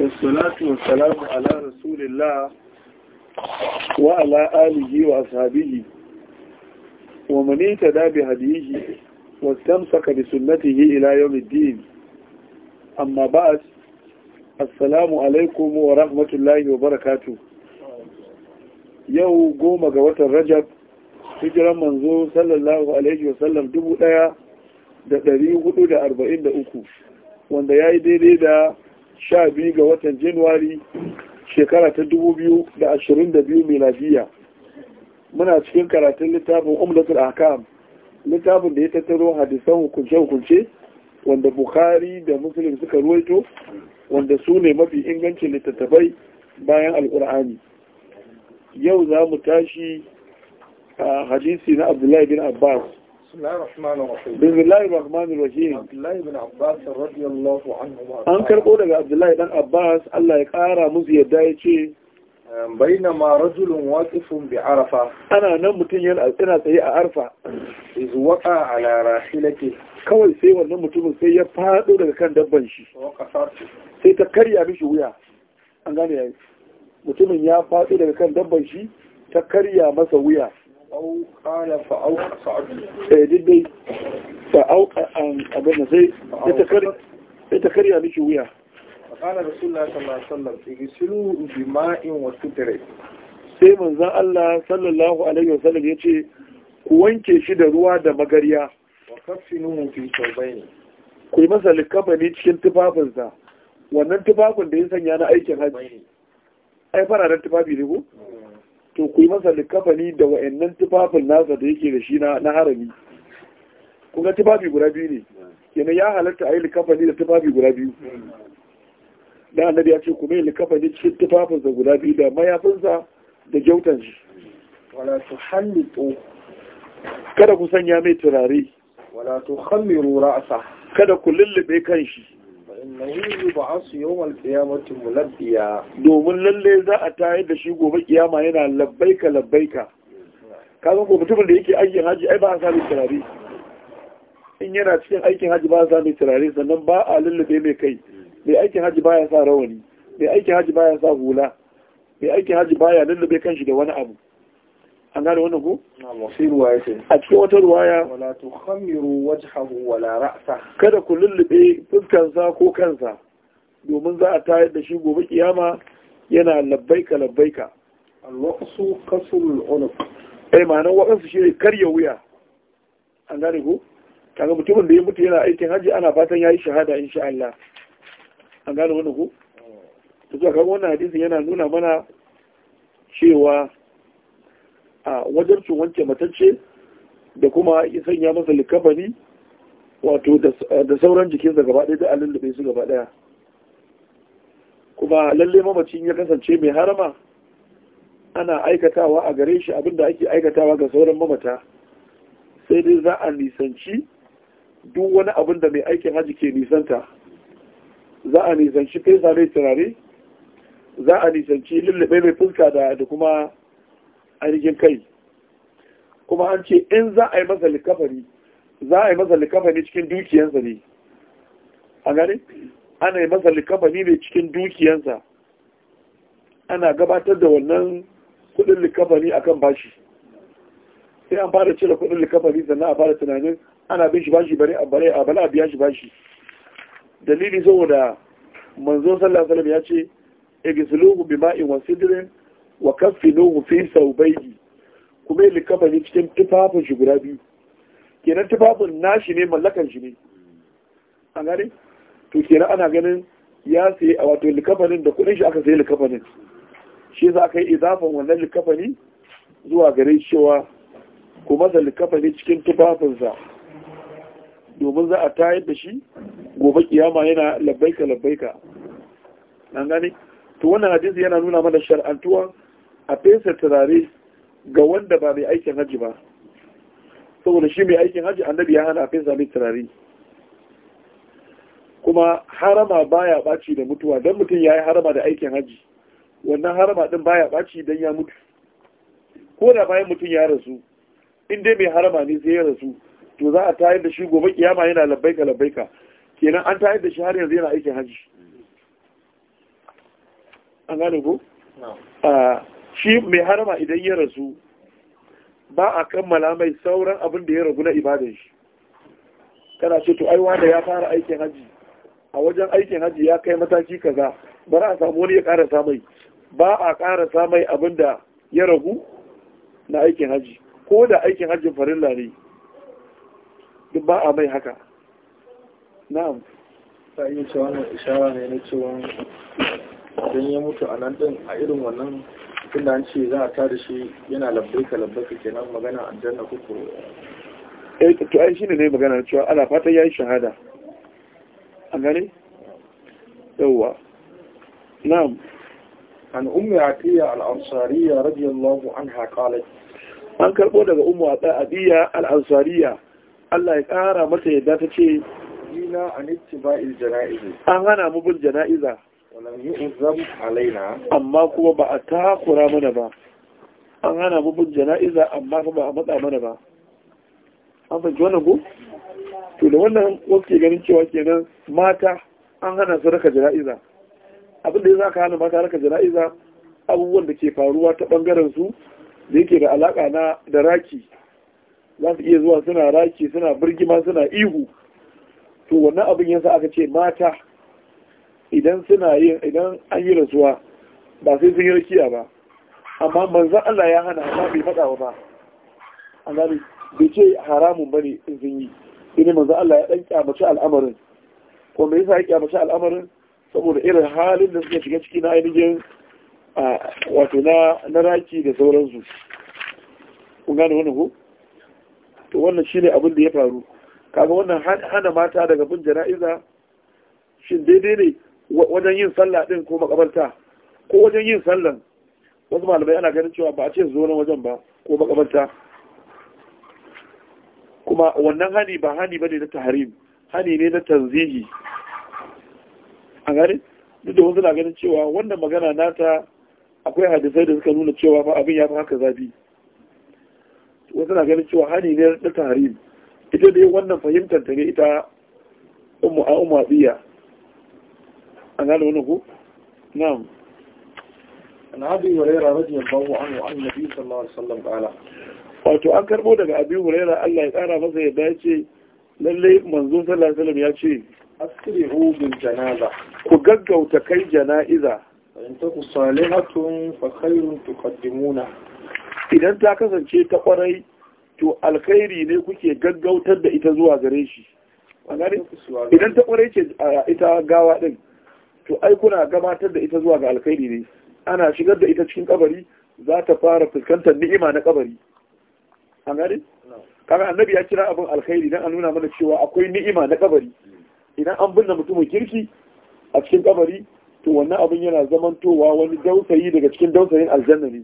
Assalatu wassalamu ala Rasulillah wa ala alihi wa ashabihi wa man yata bi hadihi wa tamsaka bi sunnatihi ila yawmiddin amma ba'd assalamu alaikum wa rahmatullahi wa barakatuh yau goma ga watan Rajab hijiran manzo sallallahu alaihi wa sallam 1443 wanda yayi daidai da sha biyu ga watan januwari shekara ta dubu biyu da ashirin da biyu miladiya muna cikin karatun littafin umdatul akam littafin da ya tattaro hadisan hukunce-hukunce wanda bukhari da muslim suka ruwaito wanda su ne mafi ingancin littattafai bayan alkur'ani yau za mu tashi a hadisi na abdullahi bin abbas بسم الله الرحمن الرحيم بسم الله الرحمن an karɓo daga Abdullahi ɗan Abbas Allah ya ƙara musu yadda ya ce bainama rajulun waqifun bi Arafa ana nan mutum yana tsaye a arfa. Arafa iz waqa ala rahilati kawai sai wannan mutumin sai ya faɗo daga kan dabban shi sai ta karya mishi wuya an gane yayi mutumin ya faɗo daga kan dabban shi ta karya masa wuya أو قال فأوقع فأوقع أبنى زي وياه رسول الله صلى الله عليه وسلم اغسلوا بماء sai manzan Allah sallallahu alaihi wasallam ya ce ku wanke shi da ruwa da magariya wa kafinu fi ku yi masa likafani cikin tufafinsa wannan tufafin da ya sanya na aikin hajji ai fara da tufafi ne ko to ku yi masa likafani da wa'annan tufafin nasa da yake da shi na harami Kuma tufafi guda biyu ne yana ya halatta a yi likafani da tufafi guda biyu Da annabi ya ce ku yi likafani cikin tufafinsa guda biyu da mayafinsa da gyautan shi wala to. kada ku sanya mai turare wala tukhammiru ra'sa kada ku lullube shi. innahu yub'asu yawmal qiyamati mulabbiya domin lalle za a tayar da shi gobe kiyama yana labbaika labbaika kaga ko mutumin da yake aikin haji ai ba a sami turare in yana cikin aikin haji ba a sami turare sannan ba a lullube mai kai mai aikin haji baya sa rawani mai aikin haji baya sa hula mai aikin haji baya lullube kanshi da wani abu an gane wannan ko sai ruwaya ce a cikin wata ruwaya wala khamiru wajhahu wala ra'sa kada ku lullube fuskansa ko kansa domin za a tayar da shi gobe kiyama yana labbaika labbaika al-waqsu kasrul unuq eh ma'anar waƙansu shi ne karya wuya an gane ko kaga mutumin da ya mutu yana aikin haji ana fatan yayi shahada insha Allah an gane wannan ko to kaga wannan hadisi yana nuna mana cewa a wajarcin wanke matacce da kuma ya sanya masa likabani wato da sauran jikinsa gaba ɗaya da a lullube su gaba ɗaya kuma lalle mamacin ya kasance mai harama ana aikatawa a gare shi abinda ake aikatawa ga sauran mamata sai dai za a nisanci duk wani abin da mai aikin haji ke nisanta za a nisanci fesa mai turare za a nisanci lullube mai fuska da kuma ainihin kai kuma an ce in za a yi masa likafari za a yi masa likafani cikin dukiyansa ne a gani ana yi masa likafani ne cikin dukiyansa ana gabatar da wannan kudin likafani akan bashi sai an fara cire kudin likafani sannan a fara tunanin ana bin shi bashi bare a bare a bala biya shi bashi dalili saboda manzon sallallahu alaihi wasallam ya ce igsiluhu bima'in wa sidrin wa kafinuhu fi saubayhi kuma yi likafani cikin tufafin shi guda biyu kenan tufafin nashi ne mallakan shi ne an gane to kenan ana ganin ya sai a wato likafanin da kudin shi aka sai likafanin shi za ka yi izafin wannan likafani zuwa gare cewa ku masa likafani cikin tufafinsa domin za a tayar da shi gobe kiyama yana labbaika labbaika an gane to wannan hadisi yana nuna mana shar'antuwa a fesa turare ga wanda ba mai aikin haji ba saboda shi mai aikin haji annabi ya hana a fesa mai turare kuma harama baya baci da mutuwa don mutum ya yi harama da aikin haji wannan harama din baya baci don ya mutu ko da bayan mutum ya rasu in dai mai harama ne sai ya rasu to za a tayar da shi gobe kiyama yana labbaika labbaika kenan an tayar da shi har yanzu yana aikin haji an gane ko shi mai harama idan ya rasu ba a kammala mai sauran abin da ya ragu na ibadan shi kana ce to ai wanda ya fara aikin haji a wajen aikin haji ya kai mataki kaza bari a samu wani ya karasa mai ba a karasa mai abin da ya ragu na aikin haji ko da aikin hajjin farilla ne duk ba a mai haka na'am ta iya cewa na ishara ne na cewa don ya mutu a nan din a irin wannan tun da an ce za a tada shi yana labbaika labbaika kenan magana aljanna kuku eh to ai shine ne magana cewa ana fatan yayi shahada an gane yawa na'am an ummi atiya al-ansariya radiyallahu anha qalat an karbo daga ummu atiya al-ansariya Allah ya kara mata yadda ta ce dina an ittiba'il jana'iz an hana mu bil jana'iza amma kuma ba a takura mana ba an hana mubin jana'iza amma ba a matsa mana ba an fahimci wannan ko? to da wannan wasu ganin cewa kenan mata an hana su raka jana'iza abinda ya za ka hana mata raka jana'iza abubuwan da ke faruwa ta bangaren su da yake da alaka na da raki za su iya zuwa suna raki suna birgima suna ihu to wannan abin yasa aka ce mata idan suna yin idan an yi rasuwa ba sai sun yi rakiya ba amma manzan Allah ya hana amma bai faɗa ba Allah ne bai ce haramun ba ne in sun yi sai manzan Allah ya ɗan kyamaci al'amarin ko me yasa ya kyamaci al'amarin saboda irin halin da suka shiga ciki na ainihin wato na raki da sauransu kun gane wannan ko to wannan shine abin da ya faru kaga wannan hana mata daga bin jana'iza shin daidai ne wajen yin sallah din ko makabarta ko wajen yin sallan wasu malamai ana ganin cewa ba a ce zo na wajen ba ko makabarta kuma wannan hani ba hani bane na taharim hani ne na tanzihi a gari duk da wasu na ganin cewa wannan magana nata akwai hadisai da suka nuna cewa ba abin ya fi haka zafi wasu na ganin cewa hani ne na taharim ita dai wannan fahimtar ta ne ita umu a biya an gane wani ku na'am an abi hurairah radiyallahu anhu an nabi sallallahu alaihi wasallam qala wato an karbo daga abi hurairah Allah ya kara masa ya dace lalle manzo sallallahu alaihi wasallam ya ce asri'u bil janaza ku gaggauta kai jana'iza in ta ku salihatun fa khairun tuqaddimuna idan ta kasance ta to alkhairi ne kuke gaggautar da ita zuwa gare shi idan ta kwarai ce ita gawa ɗin? to ai kuna gabatar da ita zuwa ga alkhairi ne ana shigar da ita cikin kabari za ta fara fuskantar ni'ima na kabari an gane kaga annabi ya kira abin alkhairi dan an nuna mana cewa akwai ni'ima na kabari idan an binne mutumin kirki a cikin kabari to wannan abin yana zamantowa wani dausayi daga cikin dausayin aljanna ne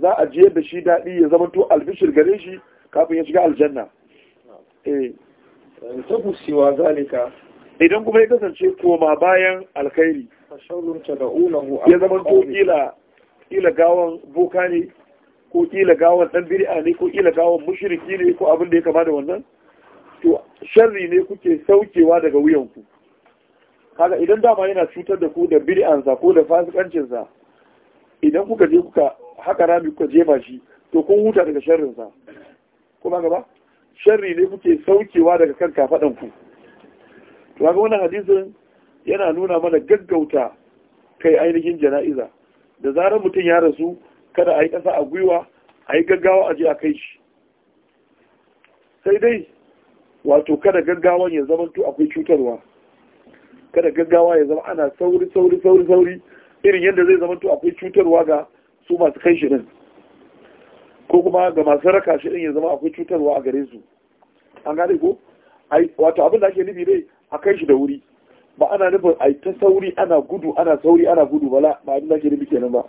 za a je da shi daɗi ya zamanto albishir gare shi kafin ya shiga aljanna eh zalika idan kuma ya kasance koma bayan alkhairi ya zama to kila kila gawan boka ne ko kila gawan dan bid'a ne ko kila gawan mushriki ne ko abin da ya kama da wannan to sharri ne kuke saukewa daga wuyanku kaga idan dama yana cutar da ku da bir'ansa ko da fasikancinsa idan kuka je kuka haka rami kuka jefa shi to kun huta daga sharrinsa kuma gaba sharri ne kuke saukewa daga kan kafadan ku to ga wannan hadisin yana nuna mana gaggauta kai ainihin jana'iza da zarar mutum ya rasu kada a yi ƙasa a gwiwa a yi gaggawa a je a kai shi sai dai wato kada gaggawan ya zama to akwai cutarwa kada gaggawa ya zama ana sauri sauri sauri sauri irin yadda zai zama to akwai cutarwa ga su masu kai shi din ko kuma ga masu raka shi din ya zama akwai cutarwa a gare su an gane ko wato abin da ake nufi dai a kai shi da wuri ba ana nufin a ta sauri ana gudu ana sauri ana gudu ba ba a da ke ba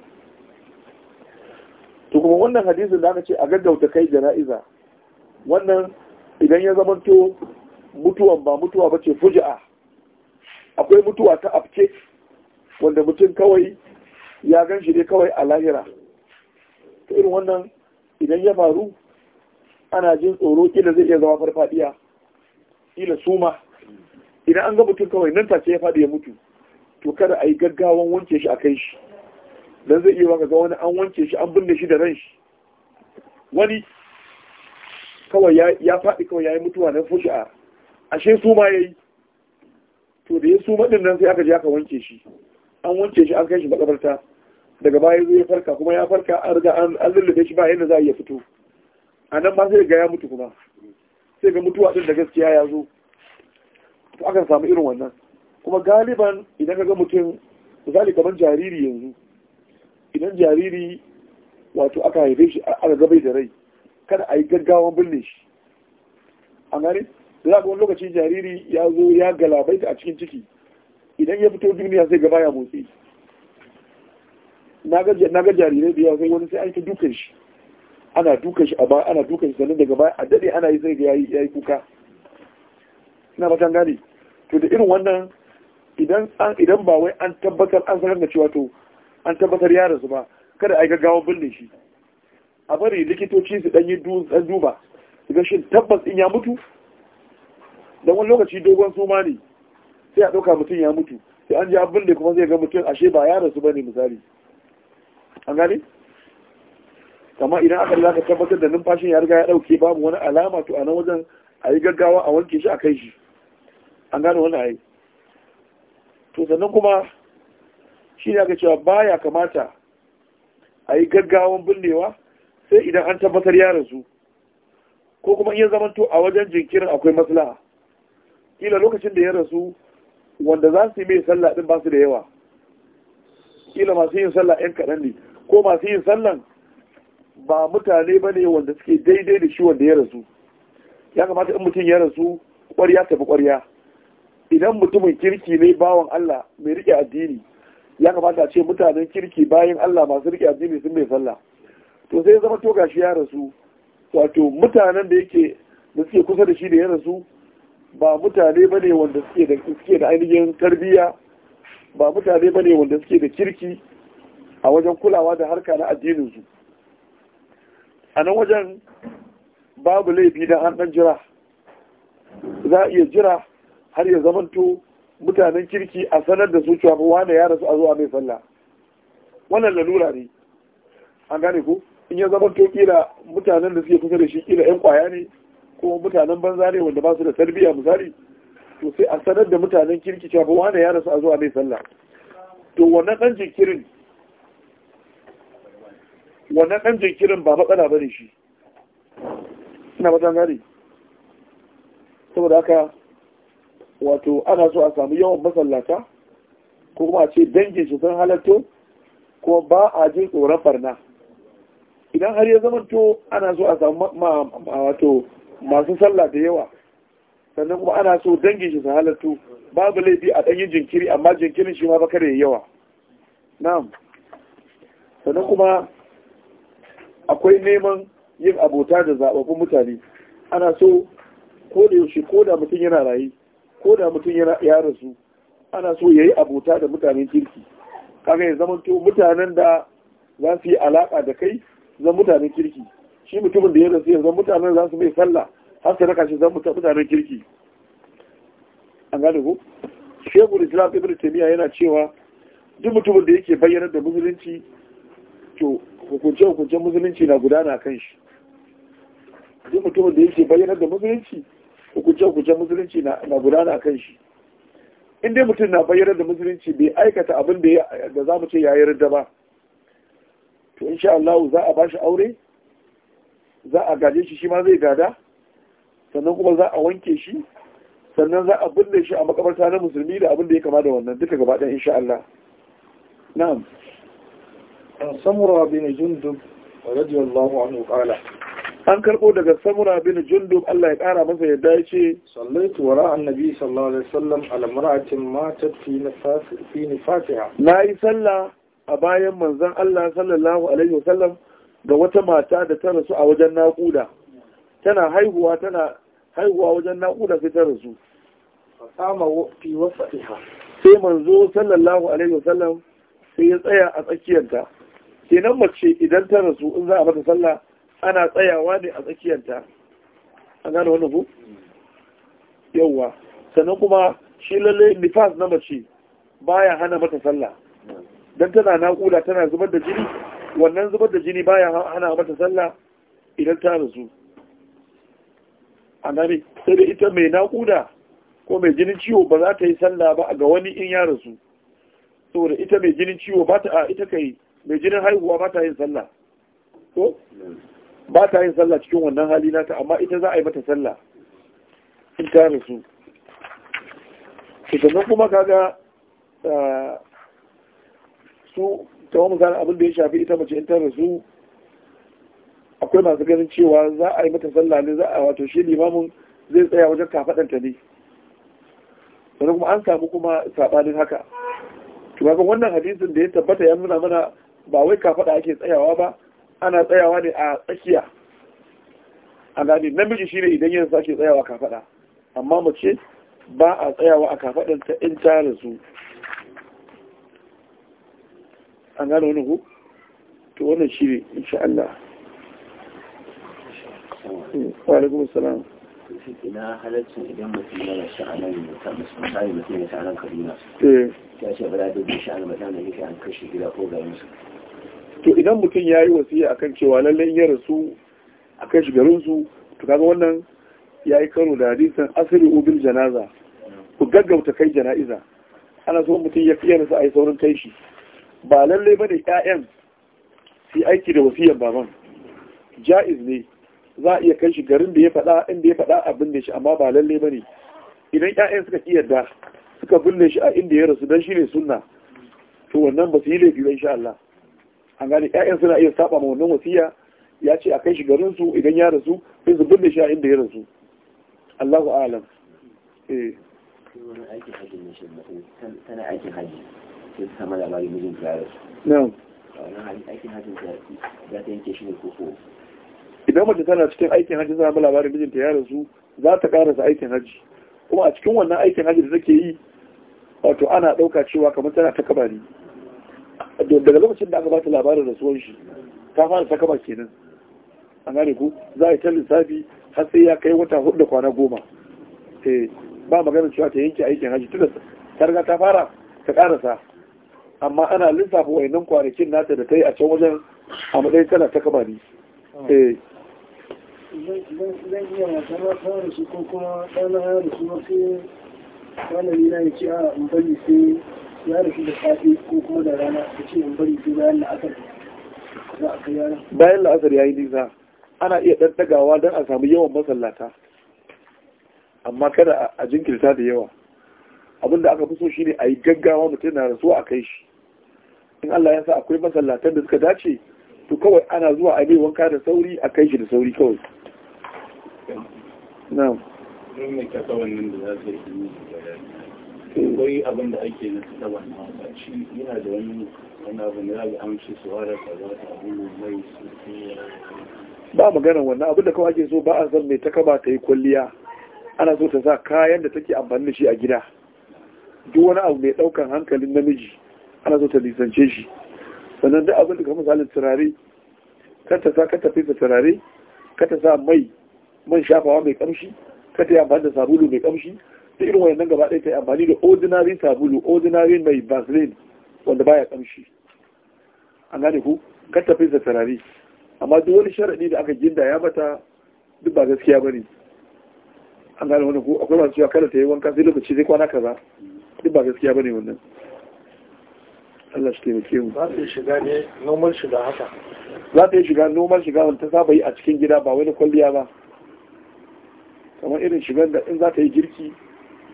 to kuma wannan hadisin da aka ce a gaggauta kai jana'iza wannan idan ya zamanto mutuwan ba mutuwa ba ce fuji'a akwai mutuwa ta afke wanda mutum kawai ya gan shi ne kawai a lahira ta irin wannan idan ya faru ana jin tsoro kila zai iya zama farfadiya kila suma idan an ga mutum kawai nan tace ya faɗi ya mutu to kada a yi gaggawan wanke shi a kai shi dan zai iya ga wani an wanke shi an binne shi da ran shi wani kawai ya faɗi kawai ya yi mutuwa na fushi a ashe su ma ya yi to da ya su maɗin nan sai aka je aka wanke shi an wanke shi an kai shi makabarta daga baya zai farka kuma ya farka an riga an lullube shi ba yadda za a iya fito a nan ma sai ga ya mutu kuma sai ga mutuwa ɗin da gaskiya ya zo to akan samu irin wannan kuma galiban idan ka ga mutum misali kamar jariri yanzu idan jariri wato aka haife shi aka gabai da rai kada a yi gaggawan binne shi a gani za ka wani lokaci jariri ya zo ya galabaita a cikin ciki idan ya fito duniya sai gaba ya motsi na ga jarirai da yawa sai wani sai an ta dukan shi ana dukan shi a ba ana dukan shi sannan daga baya a daɗe ana yi sai ga yayi kuka ina ba gane to da irin wannan idan ba wai an tabbatar an sanar da cewa to an tabbatar ya rasu ba kada a yi gaggawa binne shi a bari likitoci su ɗan yi duba ga shi tabbas in ya mutu don wani lokaci dogon suma ne sai a ɗauka mutum ya mutu sai an ji abin da kuma zai ga mutum ashe ba ya rasu ba ne misali an gane kama idan aka laka tabbatar da numfashin ya riga ya ɗauke babu wani alama to a nan wajen a yi gaggawa a wanke shi a kai shi an gano wannan ayi to sannan kuma shi ne aka cewa baya kamata a yi gaggawan binnewa sai idan an tabbatar ya rasu ko kuma iya zamanto a wajen jinkirin akwai maslaha kila lokacin da ya rasu wanda za su yi mai sallah din ba su da yawa kila masu yin sallah yan kaɗan ne ko masu yin sallan ba mutane ba ne wanda suke daidai da shi wanda ya rasu ya kamata in mutum ya rasu ƙwarya tafi ƙwarya idan mutumin kirki ne bawan Allah mai rike addini ya kamata a ce mutanen kirki bayan Allah masu rike addini sun mai sallah to sai zama to gashi ya rasu wato mutanen da yake da suke kusa da shi da ya rasu ba mutane ba ne wanda suke da ainihin tarbiyya ba mutane ba ne wanda suke da kirki a wajen kulawa da harka na addinin su a nan wajen babu laifi da an dan jira za a iya jira har ya zamanto mutanen kirki a sanar da su cewa wane ya rasu a zuwa mai sallah wannan lalura ne an gane ko in ya zamanto kila mutanen da suke kusa da shi kila yan kwaya ne ko mutanen banza ne wanda ba su da tarbiyya misali to sai a sanar da mutanen kirki cewa wane ya rasu a zuwa mai sallah to wannan dan jinkirin wannan dan jinkirin ba matsala bane shi ina ba gane saboda haka wato ana so a samu yawan masallata ko kuma a ce dangin shi sun halatto ko ba a jin tsoron barna idan har ya zama to ana so a samu wato masu sallah da yawa sannan kuma ana so dangin shi san halatto babu laifi a danyin jinkiri amma jinkirin shi ma ba kare yawa na'am sannan kuma akwai neman yin abota da zaɓaɓɓun mutane ana so ko da yaushe ko da mutum yana rayu ko da mutum ya rasu ana so ya yi abota da mutanen kirki kaga ya zama to mutanen da za su yi alaka da kai zan mutanen kirki shi mutumin da ya rasu ya zan mutanen za su mai sallah har su raka shi zan mutanen kirki an gane ko shekul islam ibn taymiya yana cewa duk mutumin da yake bayyana da musulunci to hukunce hukuncen musulunci na gudana kan shi duk mutumin da yake bayyana da musulunci hukunce-hukunce musulunci na gudana a kan shi inda mutum na bayyana da musulunci bai aikata abin da za mu ce ya yi rida ba to insha Allah za a bashi aure za a gaje shi shi ma zai gada sannan kuma za a wanke shi sannan za a binne shi a makabarta na musulmi da abin da ya kama da wannan duka gaba ɗaya insha Allah na'am samura bin jundub radiyallahu anhu qala an karbo daga samura bin jundub Allah ya kara masa yadda ya ce sallaitu wara annabi sallallahu alaihi wasallam al-mar'atin matat fi nifasiha na yi sallah a bayan manzon Allah sallallahu alaihi wasallam da wata mata da ta rasu a wajen naƙuda tana haihuwa tana haihuwa wajen naƙuda sai ta rasu fasama fi wasaiha sai manzo sallallahu alaihi wasallam sai ya tsaya a tsakiyarta kenan mace idan ta rasu in za a mata sallah ana tsayawa ne a tsakiyanta an gane wani ku yawwa sannan kuma shi lalle nifas na mace baya hana mata sallah Don tana naƙuda tana zubar da jini wannan zubar da jini baya hana mata sallah idan ta rasu a nare sai da ita mai naƙuda ko mai jinin ciwo ba za ta yi sallah ba ga wani in ya rasu saboda ita mai jinin ciwo ba ta a ita kai mai jinin haihuwa ba ta yin sallah ko ba ta yin sallah cikin wannan hali nata amma ita za a yi mata sallah in ta rasu sannan kuma kaga su ta wani misali abin da ya shafi ita mace in ta rasu akwai masu ganin cewa za a yi mata sallah ne za a wato shi limamin zai tsaya wajen kafaɗanta ne sannan kuma an samu kuma saɓanin haka to wannan hadisin da ya tabbata ya nuna mana ba wai kafaɗa ake tsayawa ba ana tsayawa ne a tsakiya a gane namiji shi ne idan yanzu ake tsayawa kafaɗa amma mace ba a tsayawa a ta in ta rasu an gane wani ku to wannan shi ne insha Allah wa salam ina halaccin idan mutum ya rashi a nan misali mutum ya rashi a su kaduna ta eh. ce ba da duk shi an mutum da yake an kashe gida ko garin su to idan mutum ya yi a akan cewa lallai ya rasu a kan shigarinsu to kaga wannan ya yi karo da hadisan asiri ubin janaza ku gaggauta kai jana'iza ana so mutum ya fiye rasu a yi saurin kai shi ba lallai ba ne 'ya'yan su aiki da wasi'yan baban ja'iz ne za a iya kai shi garin da ya faɗa inda ya faɗa abin da shi amma ba lallai ba ne idan 'ya'yan suka ƙi yarda suka binne shi a inda ya rasu don shi ne sunna to wannan ba su yi laifi ba insha Allah an gane ƴaƴan suna iya saba ma wannan wasiya ya ce a kai shi garin su idan ya rasu sai su da shi a inda ya rasu Allahu a'lam eh aikin hajji tana aikin labarin ya rasu aikin hajji za ta idan mace tana cikin aikin hajji sama labarin mijinta ya rasu za ta karasa aikin hajji kuma a cikin wannan aikin hajji da take yi wato ana ɗauka cewa kamar tana ta kabari daga lokacin da aka ba ta labarin rasuwan shi ta fara ta kama kenan an gane ku za a yi ta lissafi har sai ya kai wata hudu da kwana goma eh, ba magana cewa ta yanke aikin haji tunda ta riga ta fara ta karasa amma ana lissafa wayannan kwanakin nata da ta yi a can wajen a matsayin tana ta kama ni eh. zan iya fara ko kuma a sai bayan la'asar ya yi nisa ana iya ɗan don a samu yawan masallata amma kada a jinkirta da yawa abin da aka fi so shine a yi gaggawa mutum na rasuwa a kai shi in Allah ya sa akwai masallatan da suka dace to kawai ana zuwa a mai wanka da sauri a kai shi da sauri kawai na'am akwai abin da ake na ta wannan shi yana da wani wani abin da zai su abu mai ba magana wannan abin da kawai ake so ba a zan mai ta ta yi kwalliya ana so ta sa kayan da take amfani da shi a gida duk wani abu mai daukan hankalin namiji ana so ta lisance shi sannan duk abin da kamar misalin turare kanta ta sa kanta fesa turare kanta ta sa mai man shafawa mai kamshi kanta ta yi amfani da sabulu mai kamshi da irin nan gaba ɗaya ta yi amfani da ordinary sabulu ordinary mai vaseline wanda baya kamshi an gane ku kan tafi da tarari amma duk wani sharaɗi da aka ginda ya mata duk ba gaskiya bane an gane wani ku akwai masu cewa kada ta yi wanka sai lokaci sai kwana kaza duk ba gaskiya bane wannan Allah shi taimake mu za ta yi shiga ne normal shiga haka za ta yi shiga normal shiga wanda ta saba yi a cikin gida ba wani kwalliya ba kamar irin shigar da in za ta yi girki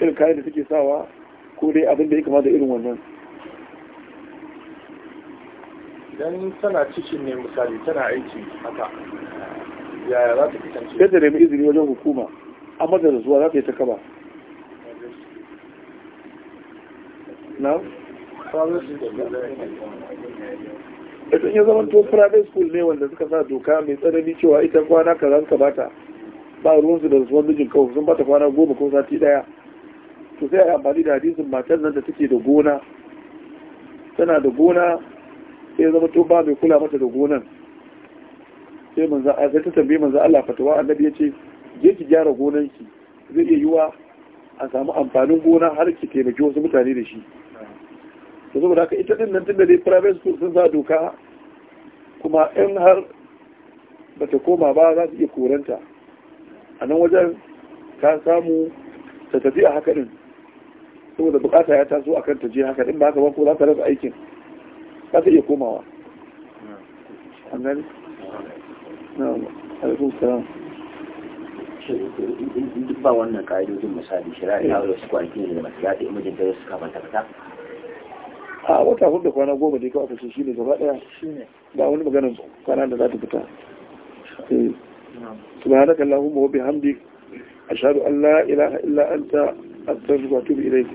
irin kayan da suke sawa ko dai abin da ya kama da irin wannan idan tana cikin ne misali tana aiki haka yaya za ta kasance yadda da mai izini wajen hukuma a madara zuwa za ta yi ta kaba na? idan ya zaman to private school ne wanda suka sa doka mai tsanani cewa ita kwana kaza suka bata ba ruwansu da zuwan mijin kawai sun bata kwana goma ko sati daya to sai a amfani da hadisin matar nan da take da gona tana da gona sai zama to ba mai kula mata da gonan sai manzo a zai ta tambaye manzo Allah fatawa annabi ce je ki gyara gonan ki zai iya yiwa a samu amfanin gona har ki taimaki wasu mutane da shi to saboda haka ita din nan tunda dai private school sun sa doka kuma in har bata koma ba za su iya koranta a nan wajen ka samu ta tafi a haka din saboda bukata ya taso akan ta je haka in ba ka ba ko za ta rasa aikin ba ta iya komawa an gani na alaikum salam duk ba wannan ka'idojin misali ya ta wasu kwanaki ne da masu yaɗa imajin da su kama tafata a wata hudu kwana goma ne kawai kashe shi ne gaba ɗaya ba wani maganin kwana da za ta fita eh. subhanakallahumma wa bihamdik ashhadu an la ilaha illa anta أستغفرك وأتوب إليه